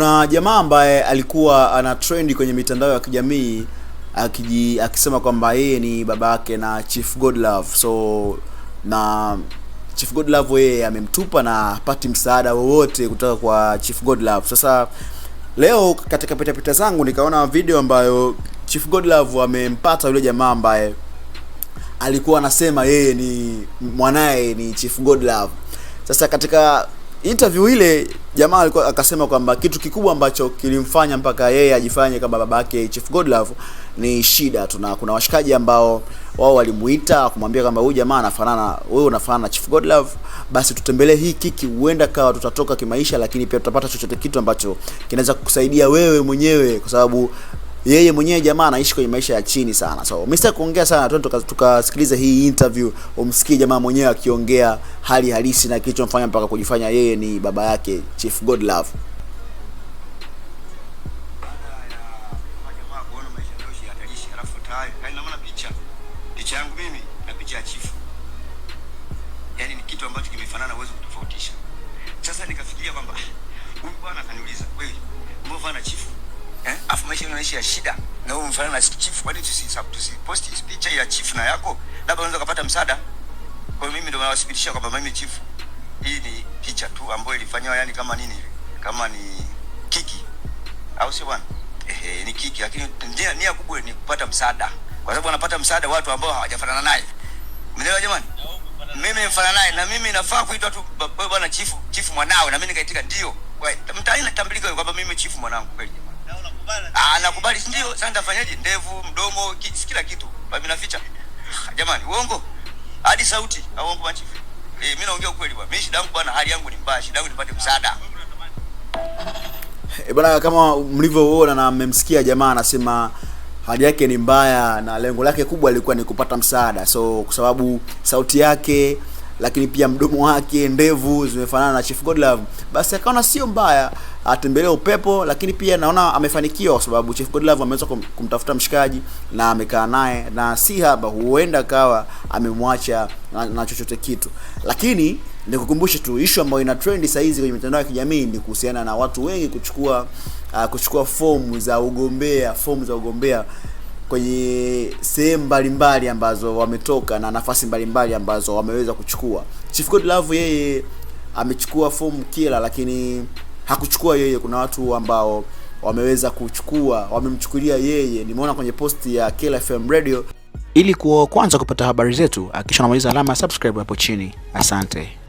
Kuna jamaa ambaye alikuwa ana trend kwenye mitandao ya kijamii akiji, akisema kwamba yeye ni baba yake na Chief Godlove. So na Chief Godlove yeye amemtupa na hapati msaada wowote kutoka kwa Chief Godlove. Sasa leo katika pitapita zangu nikaona video ambayo Chief Godlove amempata yule jamaa ambaye alikuwa anasema yeye ni mwanaye ni Chief Godlove. Sasa katika interview ile jamaa alikuwa akasema kwamba kitu kikubwa ambacho kilimfanya mpaka yeye ajifanye kama yake Chief Godlove ni shida tu, na kuna washikaji ambao wao walimuita kumwambia kwamba huyu jamaa anafanana, wewe unafanana na Chief Godlove, basi tutembelee hii kiki, huenda kawa tutatoka kimaisha, lakini pia tutapata chochote kitu ambacho kinaweza kukusaidia wewe mwenyewe, kwa sababu yeye mwenyewe jamaa anaishi kwenye maisha ya chini sana. So mistake kuongea sana, tuende tukasikiliza hii interview, umsikie jamaa mwenyewe akiongea hali halisi na kilichomfanya mpaka kujifanya yeye ni baba yake Chief Godlove. Picha yangu mimi na picha ya chifu, yaani ni kitu ambacho kimefanana, huwezi kutofautisha. kuonyesha shida na wewe na chief, picha ya chief na yako, labda unaweza kupata msaada. Kwa hiyo mimi ndio kwamba mimi chief, hii ni picha tu ambayo ilifanywa, yani kama nini ile, kama ni kiki, au bwana? Ehe, ni kiki, lakini nia kubwa ni kupata msaada, kwa sababu anapata msaada watu ambao hawajafanana naye. jamani? Mimi nimefanana naye na mimi nafaa kuitwa tu bwana chief, chief mwanao, na mimi nikaitika ndio. Mtaani natambulika kwamba mimi chief mwanangu kweli. Ah, nakubali ndio. Sasa nitafanyaje? Ndevu, mdomo, kila kitu. Mimi naficha. Ah, jamani, uongo. Hadi sauti. Na ah, uongo machifu. Eh, mimi naongea ukweli bwana. Mimi shida yangu bwana, hali yangu ni mbaya. Shida yangu nipate msaada. E bwana, kama mlivyoona na mmemsikia jamaa anasema hali yake ni mbaya na lengo lake kubwa lilikuwa ni kupata msaada. So kwa sababu sauti yake lakini pia mdomo wake, ndevu zimefanana na Chief Godlove, basi akaona sio mbaya atembelee upepo, lakini pia naona amefanikiwa kwa sababu Chief Godlove ameweza kumtafuta mshikaji na amekaa naye, na si haba, huenda kawa amemwacha na, na chochote kitu. Lakini nikukumbushe tu issue ambayo ina trend sasa hizi kwenye mitandao ya kijamii ni kuhusiana na watu wengi kuchukua uh, kuchukua fomu za ugombea, fomu za ugombea kwenye sehemu mbalimbali ambazo wametoka na nafasi mbalimbali mbali ambazo wameweza kuchukua. Chief Godlove yeye amechukua fomu kila, lakini hakuchukua yeye. Kuna watu ambao wameweza kuchukua, wamemchukulia yeye. Nimeona kwenye posti ya Kela FM Radio. Ili kuwa kwanza kupata habari zetu, akisha unamaliza alama ya subscribe hapo chini. Asante.